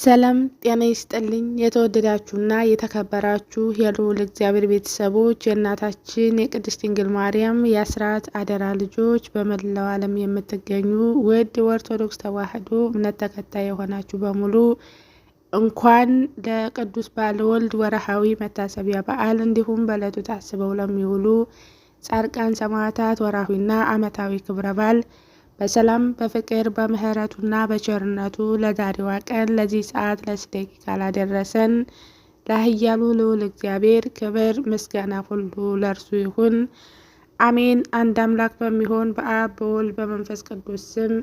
ሰላም ጤና ይስጥልኝ። የተወደዳችሁና የተከበራችሁ የልዑል እግዚአብሔር ቤተሰቦች የእናታችን የቅድስት ድንግል ማርያም የአስራት አደራ ልጆች በመላው ዓለም የምትገኙ ውድ ኦርቶዶክስ ተዋሕዶ እምነት ተከታይ የሆናችሁ በሙሉ እንኳን ለቅዱስ ባለወልድ ወረሃዊ መታሰቢያ በዓል እንዲሁም በዕለቱ ታስበው ለሚውሉ ጻድቃን ሰማዕታት ወርሃዊና ዓመታዊ ክብረ በዓል በሰላም በፍቅር በምህረቱና በቸርነቱ ለዛሬዋ ቀን ለዚህ ሰዓት ለዚህ ደቂቃ ላደረሰን ለህያሉ ልዑል እግዚአብሔር ክብር ምስጋና ሁሉ ለእርሱ ይሁን፣ አሜን። አንድ አምላክ በሚሆን በአብ በወልድ በመንፈስ ቅዱስ ስም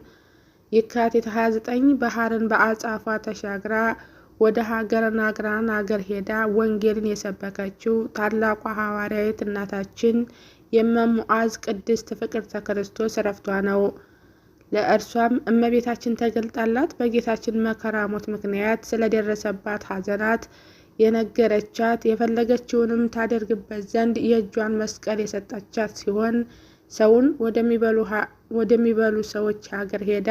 የካቲት 29 ባህርን በአጻፏ ተሻግራ ወደ ሀገረ ናግራን አገር ሄዳ ወንጌልን የሰበከችው ታላቋ ሐዋርያዊት እናታችን የመሙዓዝ ቅድስት ፍቅርተ ክርስቶስ ረፍቷ ነው። ለእርሷም እመቤታችን ተገልጣላት በጌታችን መከራ ሞት ምክንያት ስለደረሰባት ሐዘናት የነገረቻት የፈለገችውንም ታደርግበት ዘንድ የእጇን መስቀል የሰጠቻት ሲሆን ሰውን ወደሚበሉ ሰዎች ሀገር ሄዳ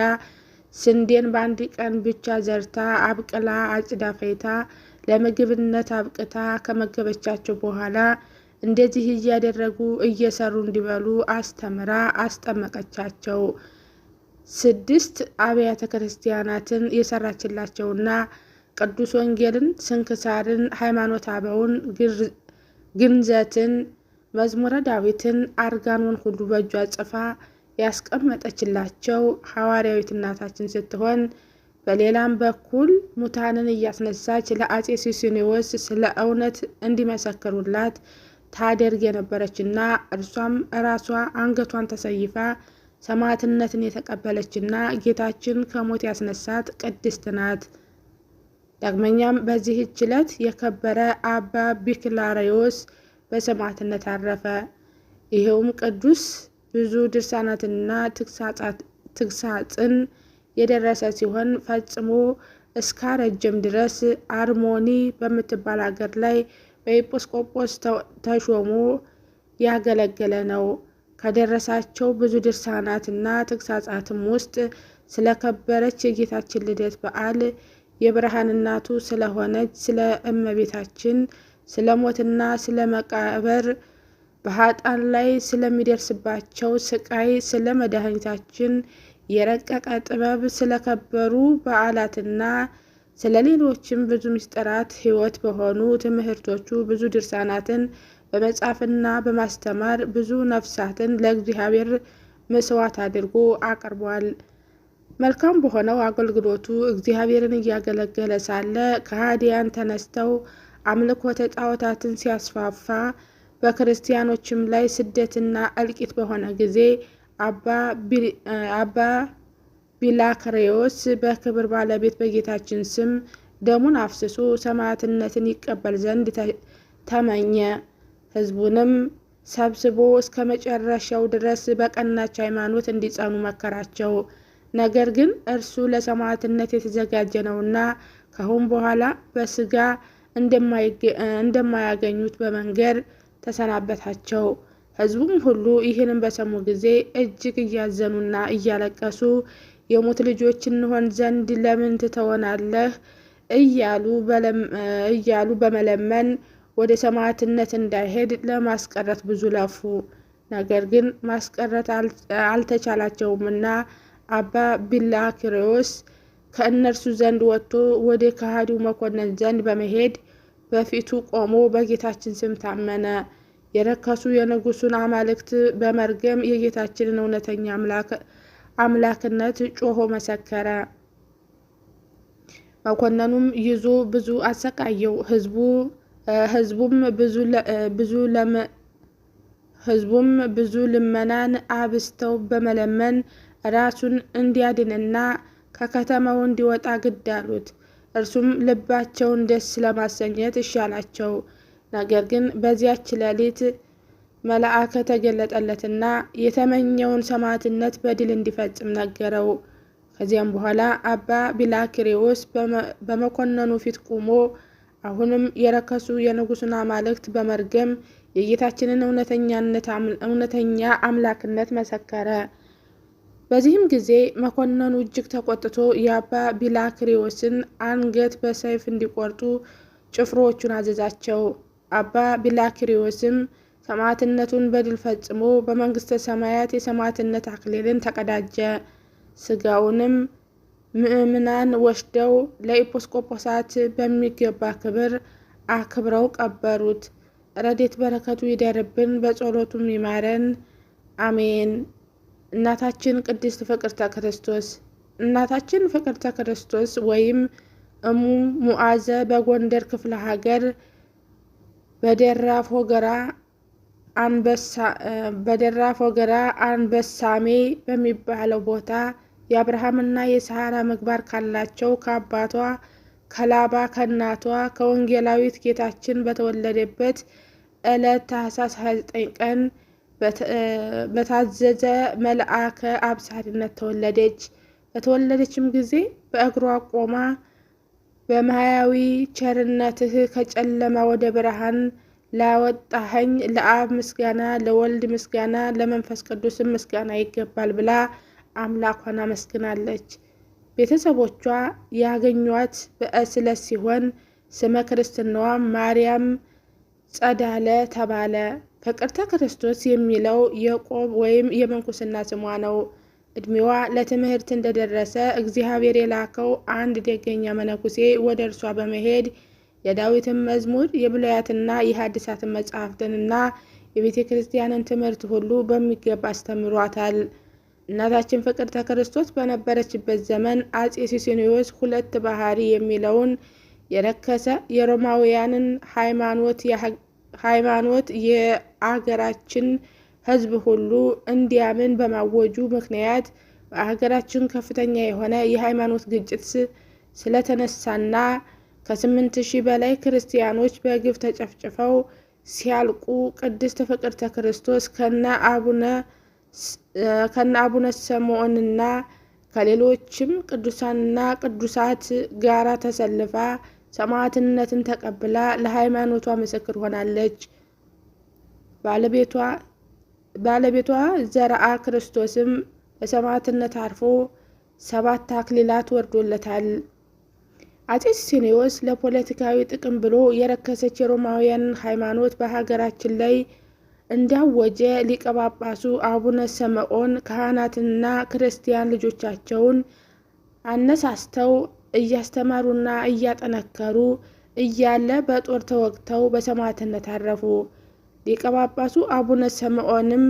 ስንዴን በአንድ ቀን ብቻ ዘርታ አብቅላ አጭዳ ፈይታ ለምግብነት አብቅታ ከመገበቻቸው በኋላ እንደዚህ እያደረጉ እየሰሩ እንዲበሉ አስተምራ አስጠመቀቻቸው። ስድስት አብያተ ክርስቲያናትን የሰራችላቸውና ቅዱስ ወንጌልን፣ ስንክሳርን፣ ሃይማኖተ አበውን፣ ግንዘትን፣ መዝሙረ ዳዊትን፣ አርጋኑን ሁሉ በእጇ ጽፋ ያስቀመጠችላቸው ሐዋርያዊት እናታችን ስትሆን በሌላም በኩል ሙታንን እያስነሳች ለአጼ ሲሲኒዎስ ስለ እውነት እንዲመሰክሩላት ታደርግ የነበረችና እርሷም ራሷ አንገቷን ተሰይፋ ሰማዕትነትን የተቀበለችና ጌታችን ከሞት ያስነሳት ቅድስት ናት። ዳግመኛም በዚህ ዕለት የከበረ አባ ቢክላሪዮስ በሰማዕትነት አረፈ። ይኸውም ቅዱስ ብዙ ድርሳናትንና ትግሳጽን የደረሰ ሲሆን ፈጽሞ ረጅም ድረስ አርሞኒ በምትባል አገር ላይ በኤጲስቆጶስ ተሾሞ ያገለገለ ነው። ከደረሳቸው ብዙ ድርሳናትና ተግሳጻትም ውስጥ ስለከበረች የጌታችን ልደት በዓል የብርሃን እናቱ ስለሆነች ስለ እመቤታችን ስለ ሞትና ስለ መቃበር በሀጣን ላይ ስለሚደርስባቸው ስቃይ ስለ መድኃኒታችን የረቀቀ ጥበብ ስለከበሩ በዓላትና ስለ ሌሎችም ብዙ ምስጢራት ሕይወት በሆኑ ትምህርቶቹ ብዙ ድርሳናትን በመጻፍና በማስተማር ብዙ ነፍሳትን ለእግዚአብሔር መስዋዕት አድርጎ አቅርቧል። መልካም በሆነው አገልግሎቱ እግዚአብሔርን እያገለገለ ሳለ ከሃዲያን ተነስተው አምልኮተ ጣዖታትን ሲያስፋፋ በክርስቲያኖችም ላይ ስደትና እልቂት በሆነ ጊዜ አባ ቢላክሬዎስ በክብር ባለቤት በጌታችን ስም ደሙን አፍስሶ ሰማዕትነትን ይቀበል ዘንድ ተመኘ። ህዝቡንም ሰብስቦ እስከ መጨረሻው ድረስ በቀናች ሃይማኖት እንዲጸኑ መከራቸው። ነገር ግን እርሱ ለሰማዕትነት የተዘጋጀ ነውና ካሁን በኋላ በስጋ እንደማያገኙት በመንገድ ተሰናበታቸው። ህዝቡም ሁሉ ይህንን በሰሙ ጊዜ እጅግ እያዘኑና እያለቀሱ የሞት ልጆች እንሆን ዘንድ ለምን ትተወናለህ? እያሉ በመለመን ወደ ሰማዕትነት እንዳይሄድ ለማስቀረት ብዙ ለፉ። ነገር ግን ማስቀረት አልተቻላቸውምና አባ ቢላክርዮስ ከእነርሱ ዘንድ ወጥቶ ወደ ከሃዲው መኮንን ዘንድ በመሄድ በፊቱ ቆሞ በጌታችን ስም ታመነ። የረከሱ የንጉሱን አማልክት በመርገም የጌታችንን እውነተኛ አምላክነት ጮሆ መሰከረ። መኮንኑም ይዞ ብዙ አሰቃየው። ህዝቡ ህዝቡም ብዙ ህዝቡም ብዙ ልመናን አብስተው በመለመን ራሱን እንዲያድንና ከከተማው እንዲወጣ ግድ አሉት። እርሱም ልባቸውን ደስ ለማሰኘት ይሻላቸው። ነገር ግን በዚያች ሌሊት መልአከ ተገለጠለትና የተመኘውን ሰማዕትነት በድል እንዲፈጽም ነገረው። ከዚያም በኋላ አባ ቢላክሬዎስ በመኮንኑ ፊት ቆሞ አሁንም የረከሱ የንጉሱን አማልክት በመርገም የጌታችንን እውነተኛ አምላክነት መሰከረ። በዚህም ጊዜ መኮንኑ እጅግ ተቆጥቶ የአባ ቢላክሪዎስን አንገት በሰይፍ እንዲቆርጡ ጭፍሮዎቹን አዘዛቸው። አባ ቢላክሪዎስም ሰማዕትነቱን በድል ፈጽሞ በመንግሥተ ሰማያት የሰማዕትነት አክሊልን ተቀዳጀ። ስጋውንም ምእምናን ወስደው ለኤጲስቆጶሳት በሚገባ ክብር አክብረው ቀበሩት። ረዴት በረከቱ ይደርብን፣ በጸሎቱም ይማረን፣ አሜን። እናታችን ቅድስት ፍቅርተ ክርስቶስ እናታችን ፍቅርተ ክርስቶስ ወይም እሙ ሙዓዘ በጎንደር ክፍለ ሀገር በደራ ፎገራ አንበሳሜ በሚባለው ቦታ የአብርሃምና የሳራ ምግባር ካላቸው ከአባቷ ከላባ ከእናቷ ከወንጌላዊት ጌታችን በተወለደበት ዕለት ታኅሳስ 29 ቀን በታዘዘ መልአከ አብሳሪነት ተወለደች። በተወለደችም ጊዜ በእግሯ ቆማ በማያዊ ቸርነትህ ከጨለማ ወደ ብርሃን ላወጣኸኝ ለአብ ምስጋና፣ ለወልድ ምስጋና፣ ለመንፈስ ቅዱስም ምስጋና ይገባል ብላ አምላኳን አመስግናለች። ቤተሰቦቿ ያገኟት በዕስለት ሲሆን ስመ ክርስትናዋ ማርያም ጸዳለ ተባለ። ፍቅርተ ክርስቶስ የሚለው የቆብ ወይም የምንኩስና ስሟ ነው። እድሜዋ ለትምህርት እንደደረሰ እግዚአብሔር የላከው አንድ ደገኛ መነኩሴ ወደ እርሷ በመሄድ የዳዊትን መዝሙር የብሉያትና የሐዲሳትን መጻሕፍትንና የቤተ ክርስቲያንን ትምህርት ሁሉ በሚገባ አስተምሯታል። እናታችን ፍቅርተ ክርስቶስ በነበረችበት ዘመን አጼ ሲሲኒዮስ ሁለት ባህሪ የሚለውን የረከሰ የሮማውያንን ሃይማኖት የአገራችን ሕዝብ ሁሉ እንዲያምን በማወጁ ምክንያት በሀገራችን ከፍተኛ የሆነ የሃይማኖት ግጭት ስለተነሳና ከስምንት ሺህ በላይ ክርስቲያኖች በግፍ ተጨፍጭፈው ሲያልቁ ቅድስት ፍቅርተ ክርስቶስ ከነ አቡነ ከነ አቡነ ስምዖንና ከሌሎችም ቅዱሳንና ቅዱሳት ጋር ተሰልፋ ሰማዕትነትን ተቀብላ ለሃይማኖቷ ምስክር ሆናለች። ባለቤቷ ዘርአ ክርስቶስም በሰማዕትነት አርፎ ሰባት አክሊላት ወርዶለታል። አጼ ሲሲኒዮስ ለፖለቲካዊ ጥቅም ብሎ የረከሰች የሮማውያን ሃይማኖት በሀገራችን ላይ እንዳወጀ ሊቀ ጳጳሱ አቡነ ሰመኦን ካህናትና ክርስቲያን ልጆቻቸውን አነሳስተው እያስተማሩና እያጠነከሩ እያለ በጦር ተወግተው በሰማዕትነት አረፉ። ሊቀ ጳጳሱ አቡነ ሰመኦንም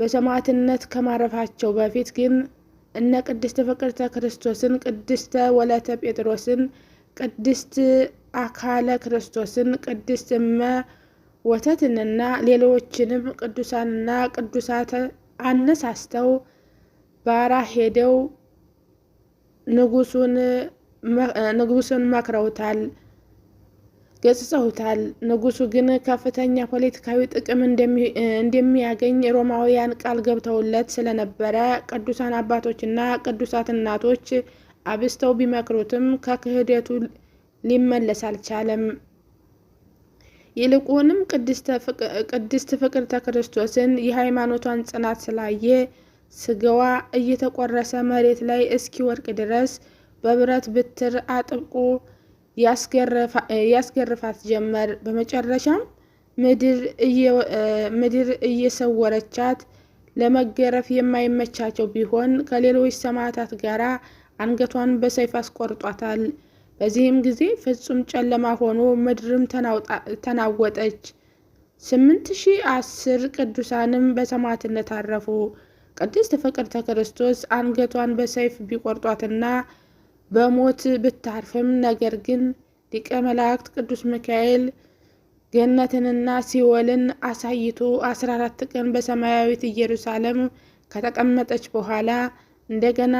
በሰማዕትነት ከማረፋቸው በፊት ግን እነ ቅድስት ፍቅርተ ክርስቶስን፣ ቅድስተ ወለተ ጴጥሮስን፣ ቅድስት አካለ ክርስቶስን፣ ቅድስት እመ ወተትንና ሌሎችንም ቅዱሳንና ቅዱሳት አነሳስተው ባራ ሄደው ንጉሱን መክረውታል፣ ገጽጸውታል። ንጉሱ ግን ከፍተኛ ፖለቲካዊ ጥቅም እንደሚያገኝ ሮማውያን ቃል ገብተውለት ስለነበረ ቅዱሳን አባቶችና ቅዱሳት እናቶች አብስተው ቢመክሩትም ከክህደቱ ሊመለስ አልቻለም። ይልቁንም ቅድስት ፍቅርተ ክርስቶስን የሃይማኖቷን ጽናት ስላየ ስጋዋ እየተቆረሰ መሬት ላይ ወርቅ ድረስ በብረት ብትር አጥብቆ ያስገርፋት ጀመር። በመጨረሻም ምድር እየሰወረቻት ለመገረፍ የማይመቻቸው ቢሆን ከሌሎች ሰማዕታት ጋራ አንገቷን በሰይፍ አስቆርጧታል። በዚህም ጊዜ ፍጹም ጨለማ ሆኖ ምድርም ተናወጠች። ስምንት ሺህ አስር ቅዱሳንም በሰማዕትነት አረፉ። ቅድስት ፍቅርተ ክርስቶስ አንገቷን በሰይፍ ቢቆርጧትና በሞት ብታርፍም ነገር ግን ሊቀ መላእክት ቅዱስ ሚካኤል ገነትንና ሲወልን አሳይቶ 14 ቀን በሰማያዊት ኢየሩሳሌም ከተቀመጠች በኋላ እንደገና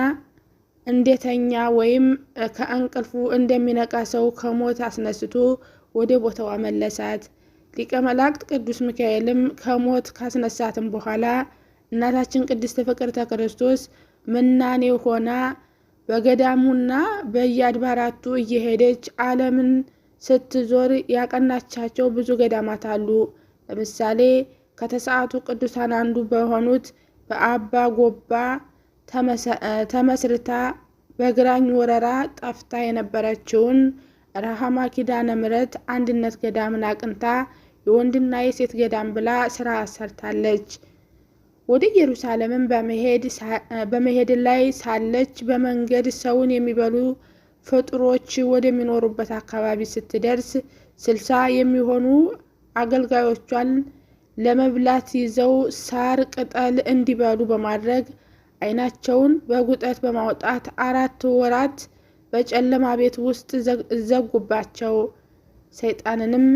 እንደተኛ ወይም ከእንቅልፉ እንደሚነቃ ሰው ከሞት አስነስቶ ወደ ቦታዋ መለሳት። ሊቀ መላእክት ቅዱስ ሚካኤልም ከሞት ካስነሳትም በኋላ እናታችን ቅድስት ፍቅርተ ክርስቶስ ምናኔ ሆና በገዳሙና በየአድባራቱ እየሄደች ዓለምን ስትዞር ያቀናቻቸው ብዙ ገዳማት አሉ። ለምሳሌ ከተሰዓቱ ቅዱሳን አንዱ በሆኑት በአባ ጎባ ተመስርታ በግራኝ ወረራ ጠፍታ የነበረችውን ረሃማ ኪዳነ ምረት አንድነት ገዳምን አቅንታ የወንድና የሴት ገዳም ብላ ስራ አሰርታለች። ወደ ኢየሩሳሌምን በመሄድ ላይ ሳለች በመንገድ ሰውን የሚበሉ ፍጡሮች ወደሚኖሩበት አካባቢ ስትደርስ ስልሳ የሚሆኑ አገልጋዮቿን ለመብላት ይዘው ሳር ቅጠል እንዲበሉ በማድረግ አይናቸውን በጉጠት በማውጣት አራት ወራት በጨለማ ቤት ውስጥ ዘጉባቸው። ሰይጣንንም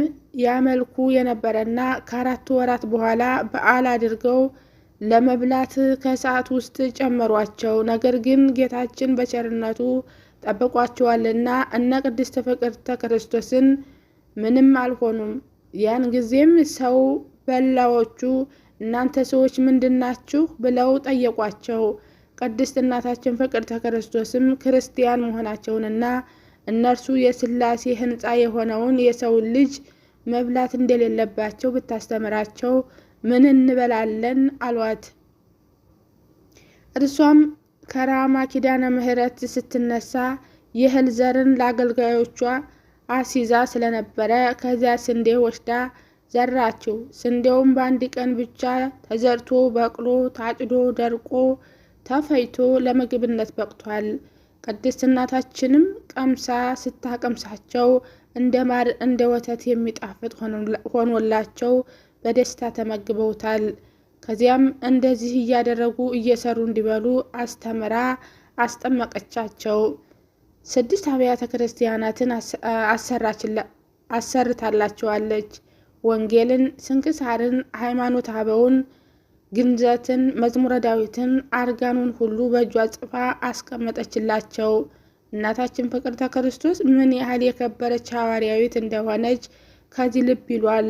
ያመልኩ የነበረና ከአራት ወራት በኋላ በዓል አድርገው ለመብላት ከሰዓት ውስጥ ጨመሯቸው። ነገር ግን ጌታችን በቸርነቱ ጠብቋቸዋልና እነ ቅድስት ፍቅርተ ክርስቶስን ምንም አልሆኑም። ያን ጊዜም ሰው በላዎቹ እናንተ ሰዎች ምንድናችሁ ብለው ጠየቋቸው። ቅድስት እናታችን ፍቅርተ ክርስቶስም ክርስቲያን መሆናቸውንና እነርሱ የስላሴ ሕንፃ የሆነውን የሰውን ልጅ መብላት እንደሌለባቸው ብታስተምራቸው ምን እንበላለን አሏት። እርሷም ከራማ ኪዳነ ምሕረት ስትነሳ የእህል ዘርን ለአገልጋዮቿ አሲዛ ስለነበረ ከዚያ ስንዴ ወስዳ ዘራችው። ስንዴውም በአንድ ቀን ብቻ ተዘርቶ በቅሎ ታጭዶ ደርቆ ተፈይቶ ለምግብነት በቅቷል። ቅድስት እናታችንም ቀምሳ ስታቀምሳቸው እንደ ማር እንደ ወተት የሚጣፍጥ ሆኖላቸው በደስታ ተመግበውታል። ከዚያም እንደዚህ እያደረጉ እየሰሩ እንዲበሉ አስተምራ አስጠመቀቻቸው። ስድስት አብያተ ክርስቲያናትን አሰርታላቸዋለች። ወንጌልን፣ ስንክሳርን፣ ሃይማኖት አበውን፣ ግንዘትን፣ መዝሙረ ዳዊትን፣ አርጋኑን ሁሉ በእጇ ጽፋ አስቀመጠችላቸው። እናታችን ፍቅርተ ክርስቶስ ምን ያህል የከበረች ሐዋርያዊት እንደሆነች ከዚህ ልብ ይሏል።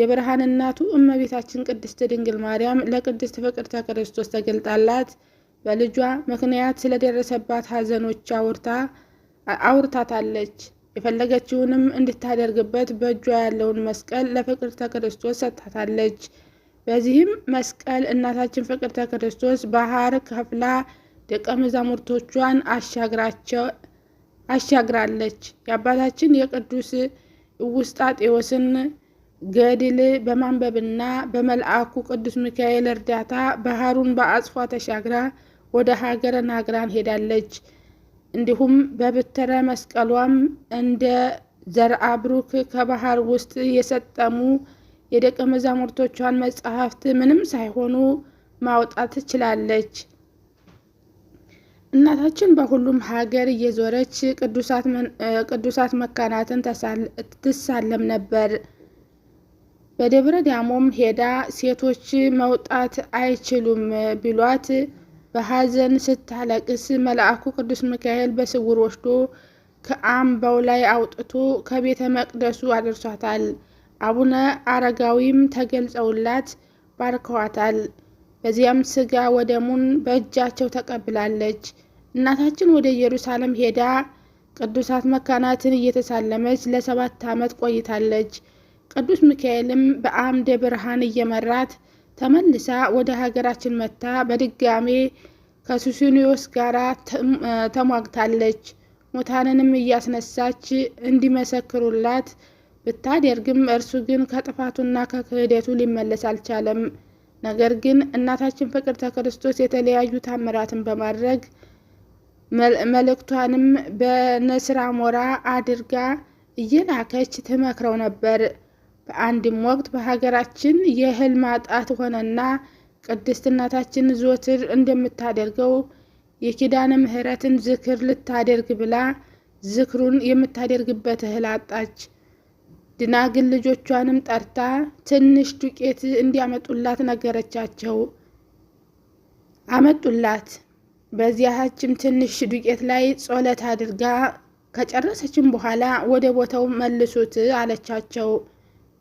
የብርሃን እናቱ እመቤታችን ቅድስት ድንግል ማርያም ለቅድስት ፍቅርተ ክርስቶስ ተገልጣላት በልጇ ምክንያት ስለደረሰባት ሐዘኖች አውርታታለች። የፈለገችውንም እንድታደርግበት በእጇ ያለውን መስቀል ለፍቅርተ ክርስቶስ ሰጥታታለች። በዚህም መስቀል እናታችን ፍቅርተ ክርስቶስ ባህር ከፍላ ደቀ መዛሙርቶቿን አሻግራለች። የአባታችን የቅዱስ ጤዎስን ገድል በማንበብና በመልአኩ ቅዱስ ሚካኤል እርዳታ ባህሩን በአጽፏ ተሻግራ ወደ ሀገረ ናግራን ሄዳለች። እንዲሁም በብትረ መስቀሏም እንደ ዘርአ ብሩክ ከባህር ውስጥ የሰጠሙ የደቀ መዛሙርቶቿን መጽሐፍት ምንም ሳይሆኑ ማውጣት ትችላለች። እናታችን በሁሉም ሀገር እየዞረች ቅዱሳት መካናትን ትሳለም ነበር። በደብረ ዳሞም ሄዳ ሴቶች መውጣት አይችሉም ቢሏት በሐዘን ስታለቅስ መልአኩ ቅዱስ ሚካኤል በስውር ወስዶ ከአምባው ላይ አውጥቶ ከቤተ መቅደሱ አድርሷታል። አቡነ አረጋዊም ተገልጸውላት ባርከዋታል። በዚያም ስጋ ወደሙን በእጃቸው ተቀብላለች። እናታችን ወደ ኢየሩሳሌም ሄዳ ቅዱሳት መካናትን እየተሳለመች ለሰባት ዓመት ቆይታለች። ቅዱስ ሚካኤልም በአምደ ብርሃን እየመራት ተመልሳ ወደ ሀገራችን መታ በድጋሜ ከሱሲኒዮስ ጋር ተሟግታለች። ሙታንንም እያስነሳች እንዲመሰክሩላት ብታደርግም እርሱ ግን ከጥፋቱና ከክህደቱ ሊመለስ አልቻለም። ነገር ግን እናታችን ፍቅርተ ክርስቶስ የተለያዩ ታምራትን በማድረግ መልእክቷንም በነስራ ሞራ አድርጋ እየላከች ትመክረው ነበር። በአንድም ወቅት በሀገራችን የእህል ማጣት ሆነና ቅድስት እናታችን ዞትር እንደምታደርገው የኪዳነ ምሕረትን ዝክር ልታደርግ ብላ ዝክሩን የምታደርግበት እህል አጣች። ድናግል ልጆቿንም ጠርታ ትንሽ ዱቄት እንዲያመጡላት ነገረቻቸው። አመጡላት። በዚያችም ትንሽ ዱቄት ላይ ጸሎት አድርጋ ከጨረሰችም በኋላ ወደ ቦታው መልሱት አለቻቸው።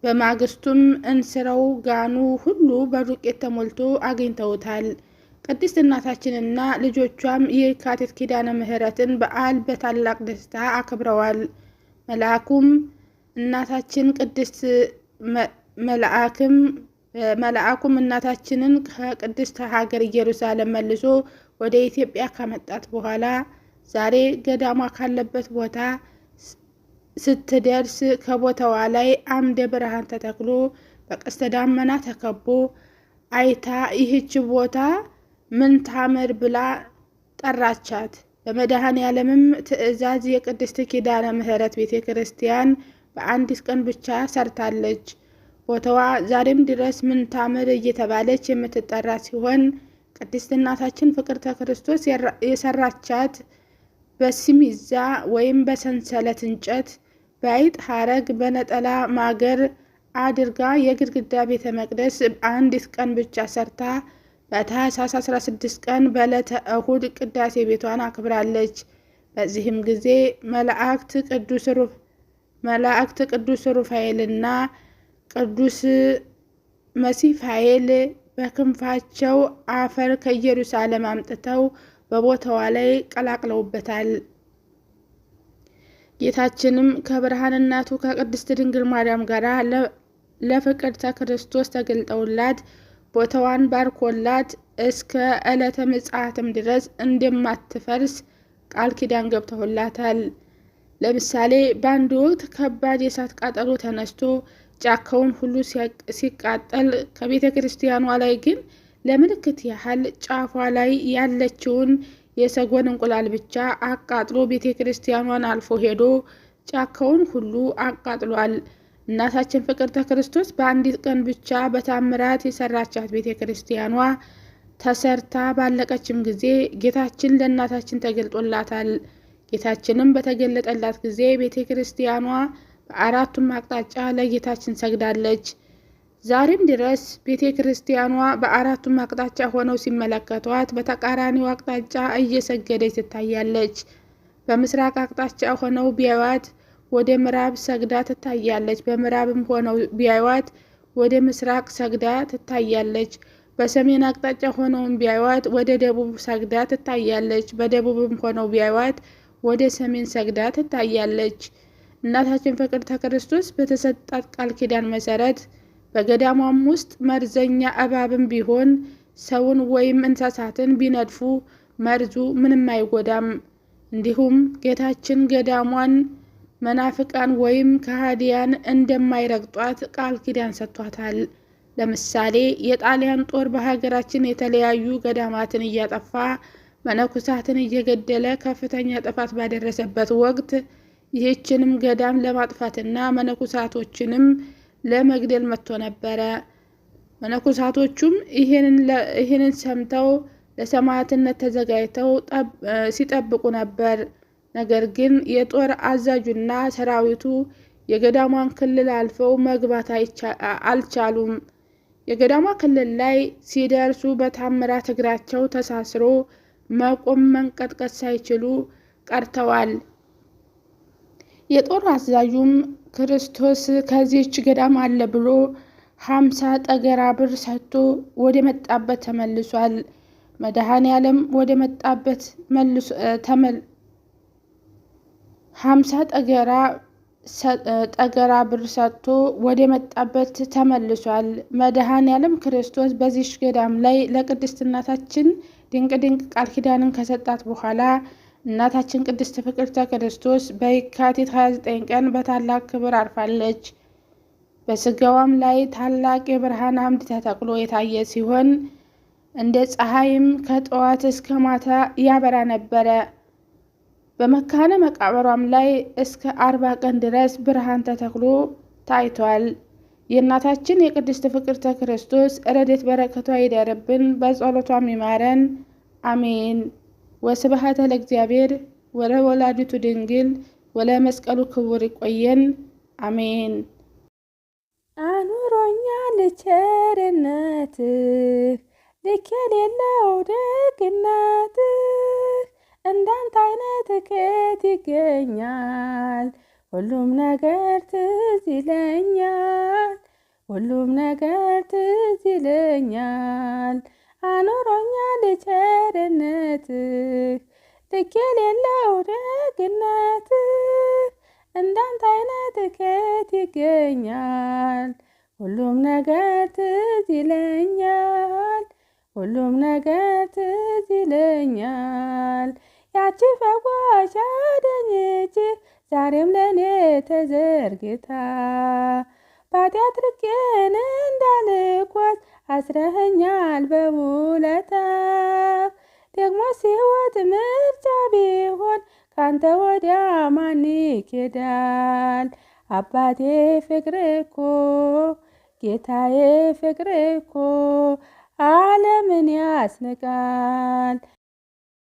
በማግስቱም እንስራው ጋኑ ሁሉ በዱቄት ተሞልቶ አግኝተውታል። ቅድስት እናታችንና ልጆቿም የካቲት ኪዳነ ምሕረትን በዓል በታላቅ ደስታ አክብረዋል። መልአኩም እናታችን ቅድስት መልአክም መልአኩም እናታችንን ከቅድስት ሀገር ኢየሩሳሌም መልሶ ወደ ኢትዮጵያ ከመጣት በኋላ ዛሬ ገዳሟ ካለበት ቦታ ስትደርስ ከቦታዋ ላይ አምደ ብርሃን ተተክሎ በቀስተ ደመና ተከቦ አይታ ይህች ቦታ ምን ታምር ብላ ጠራቻት። በመድኃኔ ዓለምም ትእዛዝ የቅድስት ኪዳነ ምሕረት ቤተ ክርስቲያን በአንዲት ቀን ብቻ ሰርታለች። ቦታዋ ዛሬም ድረስ ምን ታምር እየተባለች የምትጠራ ሲሆን ቅድስት እናታችን ፍቅርተ ክርስቶስ የሰራቻት በሲሚዛ ወይም በሰንሰለት እንጨት በአይጥ ሀረግ በነጠላ ማገር አድርጋ የግድግዳ ቤተ መቅደስ አንዲት ቀን ብቻ ሰርታ በታህሳስ 16 ቀን በዕለተ እሁድ ቅዳሴ ቤቷን አክብራለች። በዚህም ጊዜ መላእክት ቅዱስ ሩፋኤልና ቅዱስ መሲፋኤል በክንፋቸው አፈር ከኢየሩሳሌም አምጥተው በቦታዋ ላይ ቀላቅለውበታል። ጌታችንም ከብርሃን እናቱ ከቅድስት ድንግል ማርያም ጋር ለፍቅርተ ክርስቶስ ተገልጠውላት ቦታዋን ባርኮላት እስከ ዕለተ ምጽአትም ድረስ እንደማትፈርስ ቃል ኪዳን ገብተውላታል። ለምሳሌ በአንድ ወቅት ከባድ የእሳት ቃጠሎ ተነስቶ ጫካውን ሁሉ ሲቃጠል ከቤተ ክርስቲያኗ ላይ ግን ለምልክት ያህል ጫፏ ላይ ያለችውን የሰጎን እንቁላል ብቻ አቃጥሎ ቤተ ክርስቲያኗን አልፎ ሄዶ ጫካውን ሁሉ አቃጥሏል። እናታችን ፍቅርተ ክርስቶስ በአንዲት ቀን ብቻ በታምራት የሰራቻት ቤተ ክርስቲያኗ ተሰርታ ባለቀችም ጊዜ ጌታችን ለእናታችን ተገልጦላታል። ጌታችንም በተገለጠላት ጊዜ ቤተ ክርስቲያኗ በአራቱም አቅጣጫ ለጌታችን ሰግዳለች። ዛሬም ድረስ ቤተ ክርስቲያኗ በአራቱም አቅጣጫ ሆነው ሲመለከቷት በተቃራኒው አቅጣጫ እየሰገደች ትታያለች። በምስራቅ አቅጣጫ ሆነው ቢያዩዋት ወደ ምዕራብ ሰግዳ ትታያለች። በምዕራብም ሆነው ቢያዩዋት ወደ ምስራቅ ሰግዳ ትታያለች። በሰሜን አቅጣጫ ሆነውም ቢያዩዋት ወደ ደቡብ ሰግዳ ትታያለች። በደቡብም ሆነው ቢያዩዋት ወደ ሰሜን ሰግዳ ትታያለች። እናታችን ፍቅርተ ክርስቶስ በተሰጣት ቃል ኪዳን መሰረት በገዳሟም ውስጥ መርዘኛ እባብም ቢሆን ሰውን ወይም እንስሳትን ቢነድፉ መርዙ ምንም አይጎዳም። እንዲሁም ጌታችን ገዳሟን መናፍቃን ወይም ከሃዲያን እንደማይረግጧት ቃል ኪዳን ሰጥቷታል። ለምሳሌ የጣሊያን ጦር በሀገራችን የተለያዩ ገዳማትን እያጠፋ መነኩሳትን እየገደለ ከፍተኛ ጥፋት ባደረሰበት ወቅት ይህችንም ገዳም ለማጥፋትና መነኩሳቶችንም ለመግደል መጥቶ ነበረ። መነኮሳቶቹም ይህንን ሰምተው ለሰማዕትነት ተዘጋጅተው ሲጠብቁ ነበር። ነገር ግን የጦር አዛዡና ሰራዊቱ የገዳሟን ክልል አልፈው መግባት አልቻሉም። የገዳሟ ክልል ላይ ሲደርሱ በታምራት እግራቸው ተሳስሮ መቆም መንቀጥቀጥ ሳይችሉ ቀርተዋል። የጦር አዛዡም ክርስቶስ ከዚህች ገዳም አለ ብሎ ሀምሳ ጠገራ ብር ሰጥቶ ወደ መጣበት ተመልሷል። መድኃኔ ዓለም ወደ መጣበት ሀምሳ ጠገራ ብር ሰጥቶ ወደ መጣበት ተመልሷል። መድኃኔ ዓለም ክርስቶስ በዚህች ገዳም ላይ ለቅድስት እናታችን ድንቅ ድንቅ ቃል ኪዳንን ከሰጣት በኋላ እናታችን ቅድስት ፍቅርተ ክርስቶስ በየካቲት 29 ቀን በታላቅ ክብር አርፋለች። በስጋዋም ላይ ታላቅ የብርሃን አምድ ተተክሎ የታየ ሲሆን እንደ ፀሐይም ከጠዋት እስከ ማታ ያበራ ነበረ። በመካነ መቃብሯም ላይ እስከ አርባ ቀን ድረስ ብርሃን ተተክሎ ታይቷል። የእናታችን የቅድስት ፍቅርተ ክርስቶስ ረድኤት በረከቷ ይደርብን፣ በጸሎቷም ይማረን፣ አሜን። ወስብሐተ ለእግዚአብሔር ወለወላዲቱ ድንግል ወለመስቀሉ ክቡር። ይቆየን። አሜን። አኑሮኛል ቸርነትህ ልክ የሌለው ደግነትህ፣ እንዳንተ አይነት ከየት ይገኛል? ሁሉም ነገር ትዝ ይለኛል፣ ሁሉም ነገር ትዝ ይለኛል። አኖሮኛል ቸርነትህ ልክ የሌለው ደግነትህ እንዳንተ አይነት ከየት ይገኛል? ሁሉም ነገር ትዝ ይለኛል፣ ሁሉም ነገር ትዝ ይለኛል። ያቺ ፈዋሽ አዳኝ እጅህ ዛሬም ለእኔ ተዘርግታ ባቴ አድርጌን እንዳልኳት አስረኸኛል በውለታ ደግሞ ሲወት ምርጫ ቢሆን ካንተ ወዲያ ማን ይኬዳል? አባቴ ፍቅር እኮ ጌታዬ ፍቅር እኮ ዓለምን ያስንቃል።